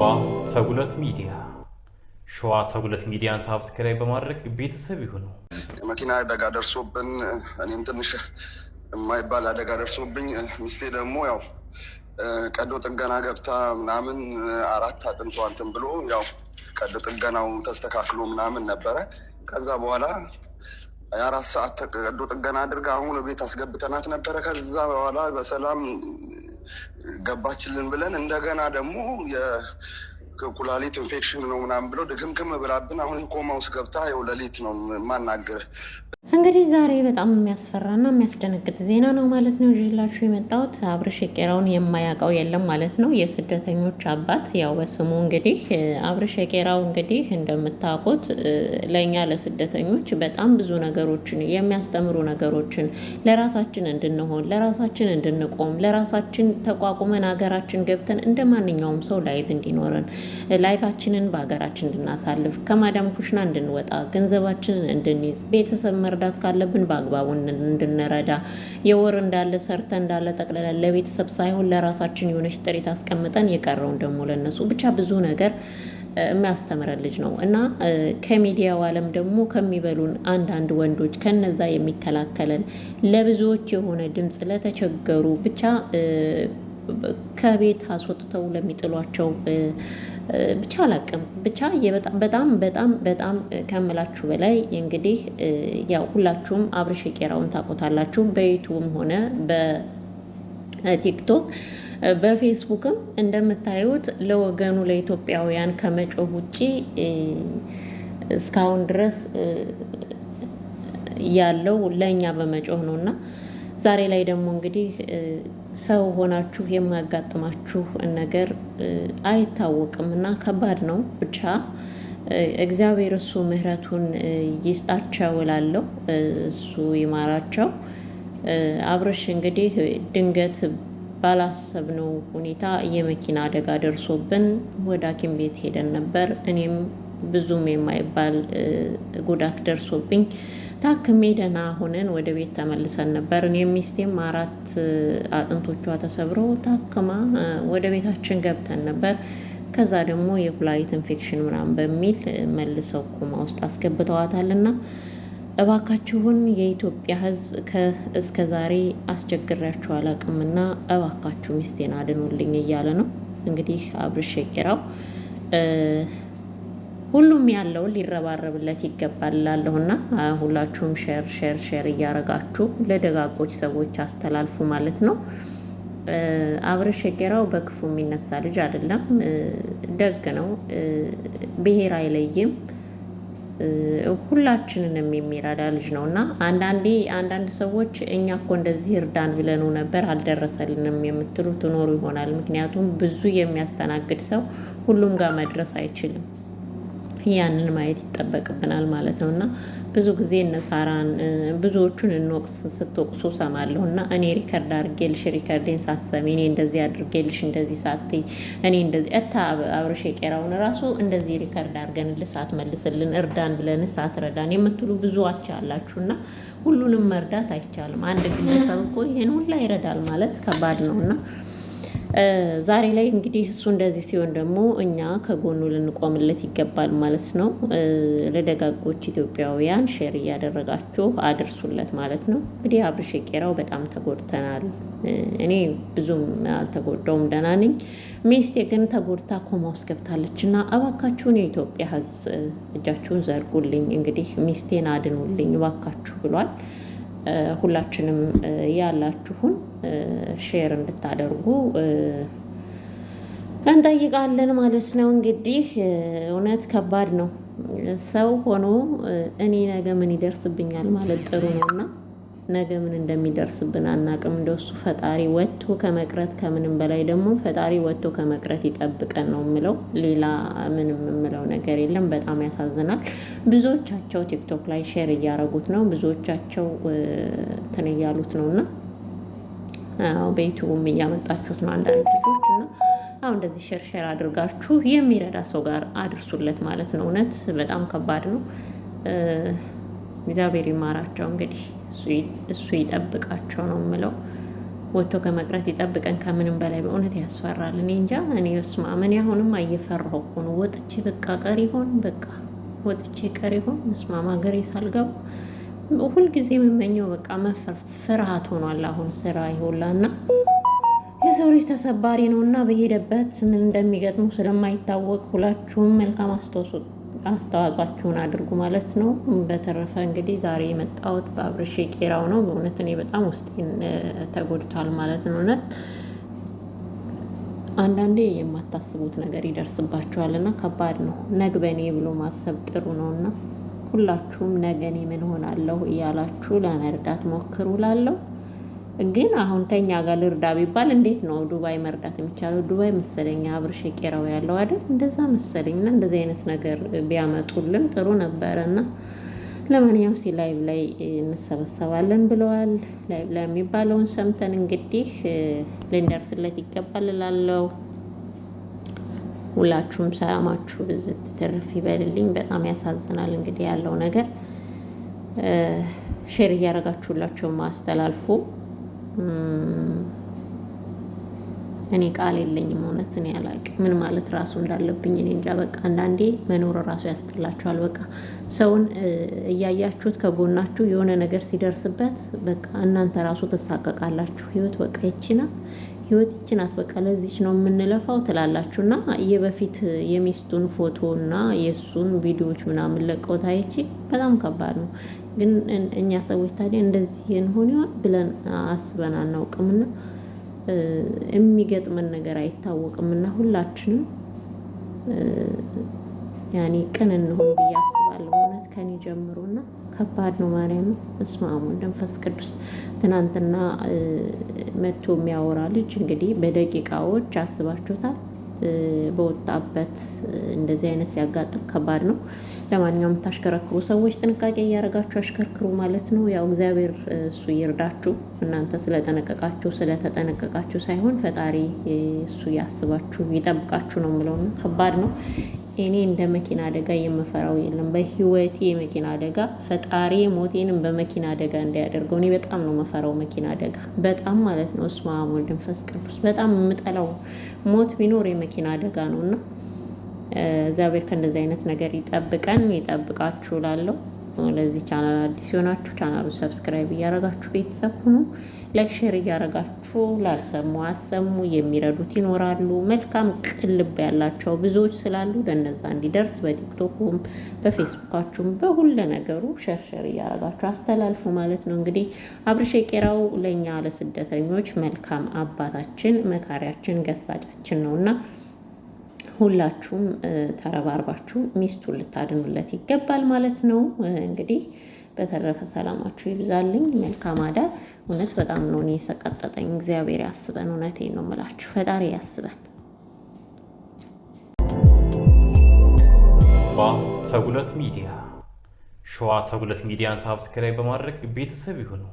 አባ ተጉለት ሚዲያ ሸዋ ተጉለት ሚዲያን ሳብስክራይብ በማድረግ ቤተሰብ ይሁኑ። የመኪና አደጋ ደርሶብን እኔም ትንሽ የማይባል አደጋ ደርሶብኝ ሚስቴ ደግሞ ያው ቀዶ ጥገና ገብታ ምናምን አራት አጥንቷ እንትን ብሎ ያው ቀዶ ጥገናው ተስተካክሎ ምናምን ነበረ። ከዛ በኋላ የአራት ሰዓት ቀዶ ጥገና አድርጋ አሁን ቤት አስገብተናት ነበረ። ከዛ በኋላ በሰላም ገባችልን ብለን እንደገና ደግሞ ኩላሊት ኢንፌክሽን ነው ምናምን ብለው ድክምክም ብላብን አሁን ኮማ ውስጥ ገብታ የው ሌሊት ነው ማናገር እንግዲህ ዛሬ በጣም የሚያስፈራና የሚያስደነግጥ ዜና ነው ማለት ነው ይዤላችሁ የመጣሁት። አብርሽ የቄራውን የማያውቀው የለም ማለት ነው። የስደተኞች አባት ያው በስሙ እንግዲህ አብርሽ የቄራው እንግዲህ እንደምታውቁት ለእኛ ለስደተኞች በጣም ብዙ ነገሮችን የሚያስተምሩ ነገሮችን ለራሳችን እንድንሆን፣ ለራሳችን እንድንቆም፣ ለራሳችን ተቋቁመን ሀገራችን ገብተን እንደ ማንኛውም ሰው ላይፍ እንዲኖረን፣ ላይፋችንን በሀገራችን እንድናሳልፍ፣ ከማዳም ኩሽና እንድንወጣ፣ ገንዘባችንን እንድንይዝ ቤተሰብ መርዳት ካለብን በአግባቡ እንድንረዳ የወር እንዳለ ሰርተ እንዳለ ጠቅልለን ለቤተሰብ ሳይሆን ለራሳችን የሆነች ጥሪት አስቀምጠን የቀረውን ደግሞ ለነሱ ብቻ ብዙ ነገር የሚያስተምረን ልጅ ነው እና ከሚዲያው ዓለም ደግሞ ከሚበሉን አንዳንድ ወንዶች ከነዛ የሚከላከለን ለብዙዎች የሆነ ድምፅ ለተቸገሩ ብቻ ከቤት አስወጥተው ለሚጥሏቸው ብቻ አላቅም ብቻ በጣም በጣም በጣም ከምላችሁ በላይ እንግዲህ ያው ሁላችሁም አብርሽ ቄራውን ታቆታላችሁ በዩቱብም ሆነ በቲክቶክ በፌስቡክም እንደምታዩት ለወገኑ ለኢትዮጵያውያን ከመጮህ ውጪ እስካሁን ድረስ ያለው ለእኛ በመጮህ ነው እና ዛሬ ላይ ደግሞ እንግዲህ ሰው ሆናችሁ የሚያጋጥማችሁ ነገር አይታወቅም እና ከባድ ነው ብቻ እግዚአብሔር እሱ ምሕረቱን ይስጣቸው እላለሁ። እሱ ይማራቸው። አብርሽ እንግዲህ ድንገት ባላሰብነው ሁኔታ የመኪና አደጋ ደርሶብን ወደ ሐኪም ቤት ሄደን ነበር እኔም ብዙም የማይባል ጉዳት ደርሶብኝ ታክሜ ደህና ሆነን ወደ ቤት ተመልሰን ነበር። እኔ ሚስቴም አራት አጥንቶቿ ተሰብረው ታክማ ወደ ቤታችን ገብተን ነበር። ከዛ ደግሞ የኩላሊት ኢንፌክሽን ምናምን በሚል መልሰው ኩማ ውስጥ አስገብተዋታልና እባካችሁን የኢትዮጵያ ሕዝብ እስከ ዛሬ አስቸግሬያችሁ አላቅምና እባካችሁ ሚስቴን አድኑልኝ እያለ ነው እንግዲህ አብርሽ ቄራው ሁሉም ያለውን ሊረባረብለት ይገባል ላለሁና ሁላችሁም ሼር ሼር ሼር እያረጋችሁ ለደጋጎች ሰዎች አስተላልፉ ማለት ነው። አብርሽ ቄራው በክፉ የሚነሳ ልጅ አይደለም፣ ደግ ነው። ብሔር አይለይም፣ ሁላችንንም የሚረዳ ልጅ ነው እና አንዳንዴ አንዳንድ ሰዎች እኛ እኮ እንደዚህ እርዳን ብለኑ ነበር አልደረሰልንም የምትሉ ትኖሩ ይሆናል። ምክንያቱም ብዙ የሚያስተናግድ ሰው ሁሉም ጋር መድረስ አይችልም። ያንን ማየት ይጠበቅብናል ማለት ነው። እና ብዙ ጊዜ እነሳራን ብዙዎቹን እንወቅስ ስትወቅሱ ሰማለሁ እና እኔ ሪከርድ አድርጌልሽ ሪከርዴን ሳሰሚ እኔ እንደዚህ አድርጌልሽ እንደዚህ ሳት እኔ እንደዚህ እታ አብርሽ የቄራውን ራሱ እንደዚህ ሪከርድ አድርገንልህ ሳትመልስልን እርዳን ብለንህ ሳትረዳን የምትሉ ብዙዎች አላችሁ እና ሁሉንም መርዳት አይቻልም። አንድ ግለሰብ እኮ ይህን ሁላ ይረዳል ማለት ከባድ ነው እና ዛሬ ላይ እንግዲህ እሱ እንደዚህ ሲሆን ደግሞ እኛ ከጎኑ ልንቆምለት ይገባል ማለት ነው። ለደጋጎች ኢትዮጵያውያን ሼር እያደረጋችሁ አድርሱለት ማለት ነው። እንግዲህ አብርሽ ቄራው በጣም ተጎድተናል። እኔ ብዙም አልተጎዳውም፣ ደህና ነኝ። ሚስቴ ግን ተጎድታ ኮማ ውስጥ ገብታለች እና እባካችሁን የኢትዮጵያ ሕዝብ እጃችሁን ዘርጉልኝ፣ እንግዲህ ሚስቴን አድኑልኝ እባካችሁ ብሏል። ሁላችንም ያላችሁን ሼር እንድታደርጉ እንጠይቃለን ማለት ነው። እንግዲህ እውነት ከባድ ነው። ሰው ሆኖ እኔ ነገ ምን ይደርስብኛል ማለት ጥሩ ነውና ነገ ምን እንደሚደርስብን አናቅም። እንደሱ ፈጣሪ ወጥቶ ከመቅረት ከምንም በላይ ደግሞ ፈጣሪ ወጥቶ ከመቅረት ይጠብቀን ነው የምለው። ሌላ ምንም የምለው ነገር የለም። በጣም ያሳዝናል። ብዙዎቻቸው ቲክቶክ ላይ ሼር እያደረጉት ነው፣ ብዙዎቻቸው እንትን እያሉት ነው እና። በዩቱቡም እያመጣችሁት ነው አንዳንድ ልጆች እና አሁ እንደዚህ ሸርሸር አድርጋችሁ የሚረዳ ሰው ጋር አድርሱለት ማለት ነው። እውነት በጣም ከባድ ነው። እግዚአብሔር ይማራቸው እንግዲህ እሱ ይጠብቃቸው ነው የምለው። ወጥቶ ከመቅረት ይጠብቀን። ከምንም በላይ በእውነት ያስፈራል። እኔ እንጃ እኔ ስማ ምን አሁንም እየፈራሁ እኮ ነው። ወጥቼ በቃ ቀሪ በቃ ወጥቼ ቀሪ ሆን መስማማ ገሬ ሳልገባ ሁልጊዜ የምመኘው በቃ መፈር ፍርሃት ሆኗል አሁን ስራ ይሆላና የሰው ልጅ ተሰባሪ ነው እና በሄደበት ምን እንደሚገጥሙ ስለማይታወቅ ሁላችሁም መልካም አስተዋጽኦአችሁን አድርጉ ማለት ነው። በተረፈ እንግዲህ ዛሬ የመጣሁት በአብርሽ ቄራው ነው። በእውነት እኔ በጣም ውስጤን ተጎድቷል ማለት ነው። እውነት አንዳንዴ የማታስቡት ነገር ይደርስባችኋል እና ከባድ ነው። ነግበኔ ብሎ ማሰብ ጥሩ ነው እና ሁላችሁም ነገ ምን ሆናለሁ እያላችሁ ለመርዳት ሞክሩ ላለሁ ግን አሁን ከኛ ጋር ልርዳ ቢባል እንዴት ነው ዱባይ መርዳት የሚቻለው? ዱባይ መሰለኝ አብርሽ ቄራው ያለው አይደል? እንደዛ መሰለኝ። እና እንደዚህ አይነት ነገር ቢያመጡልን ጥሩ ነበረ እና ለማንኛውም ሲ ላይቭ ላይ እንሰበሰባለን ብለዋል። ላይቭ ላይ የሚባለውን ሰምተን እንግዲህ ልንደርስለት ይገባል እላለሁ። ሁላችሁም ሰላማችሁ ብዝት ትርፍ ይበልልኝ። በጣም ያሳዝናል እንግዲህ ያለው ነገር ሼር እያደረጋችሁ ማስተላልፉ እኔ ቃል የለኝም። እውነትን ያላቅ ምን ማለት ራሱ እንዳለብኝ እኔ እንጃ። በቃ አንዳንዴ መኖር ራሱ ያስጥላቸዋል። በቃ ሰውን እያያችሁት ከጎናችሁ የሆነ ነገር ሲደርስበት በቃ እናንተ ራሱ ትሳቀቃላችሁ። ህይወት በቃ ይቺ ናት። ህይወት ይቺ ናት፣ በቃ ለዚች ነው የምንለፋው ትላላችሁ። እና የበፊት የሚስቱን ፎቶ እና የእሱን ቪዲዮዎች ምናምን ለቀው ታይቼ በጣም ከባድ ነው። ግን እኛ ሰዎች ታዲያ እንደዚህ እንሆን ይሆን ብለን አስበን አናውቅምና የሚገጥመን ነገር አይታወቅምና ሁላችንም ያኔ ቅን እንሆን ብዬ አስባለሁ። ከኔ እና ከባድ ነው። ማርያም በስመ አብ ቅዱስ። ትናንትና መቶ የሚያወራ ልጅ እንግዲህ በደቂቃዎች አስባችሁታል። በወጣበት እንደዚህ አይነት ሲያጋጥም ከባድ ነው። ለማንኛውም የምታሽከረክሩ ሰዎች ጥንቃቄ እያደረጋችሁ አሽከርክሩ ማለት ነው። ያው እግዚአብሔር እሱ ይርዳችሁ። እናንተ ስለጠነቀቃችሁ ስለተጠነቀቃችሁ ሳይሆን ፈጣሪ እሱ ያስባችሁ ይጠብቃችሁ ነው የምለውና ከባድ ነው። እኔ እንደ መኪና አደጋ የምፈራው የለም። በህይወቴ የመኪና አደጋ ፈጣሪ ሞቴንም በመኪና አደጋ እንዳያደርገው እኔ በጣም ነው መፈራው መኪና አደጋ በጣም ማለት ነው። እስመ አብ ወወልድ ወመንፈስ ቅዱስ በጣም የምጠላው ሞት ቢኖር የመኪና አደጋ ነው እና እግዚአብሔር ከእንደዚህ አይነት ነገር ይጠብቀን ይጠብቃችሁ ላለው ለዚህ ቻናል አዲስ የሆናችሁ ቻናሉ ሰብስክራይብ እያረጋችሁ ቤተሰብ ሁኑ። ላይክ፣ ሼር እያረጋችሁ ላልሰሙ አሰሙ። የሚረዱት ይኖራሉ። መልካም ቅልብ ያላቸው ብዙዎች ስላሉ ለእነዛ እንዲደርስ በቲክቶክም በፌስቡካችሁም በሁለ ነገሩ ሸርሸር እያረጋችሁ አስተላልፉ ማለት ነው። እንግዲህ አብርሽ የቄራው ለእኛ ለስደተኞች መልካም አባታችን መካሪያችን ገሳጫችን ነውና ሁላችሁም ተረባርባችሁ ሚስቱን ልታድኑለት ይገባል ማለት ነው። እንግዲህ በተረፈ ሰላማችሁ ይብዛልኝ። መልካም አዳር። እውነት በጣም ነው እኔ የሰቀጠጠኝ። እግዚአብሔር ያስበን። እውነቴን ነው የምላችሁ። ፈጣሪ ያስበን። ተጉለት ሚዲያ ሸዋ ተጉለት ሚዲያን ሳብስክራይብ በማድረግ ቤተሰብ ይሁኑ።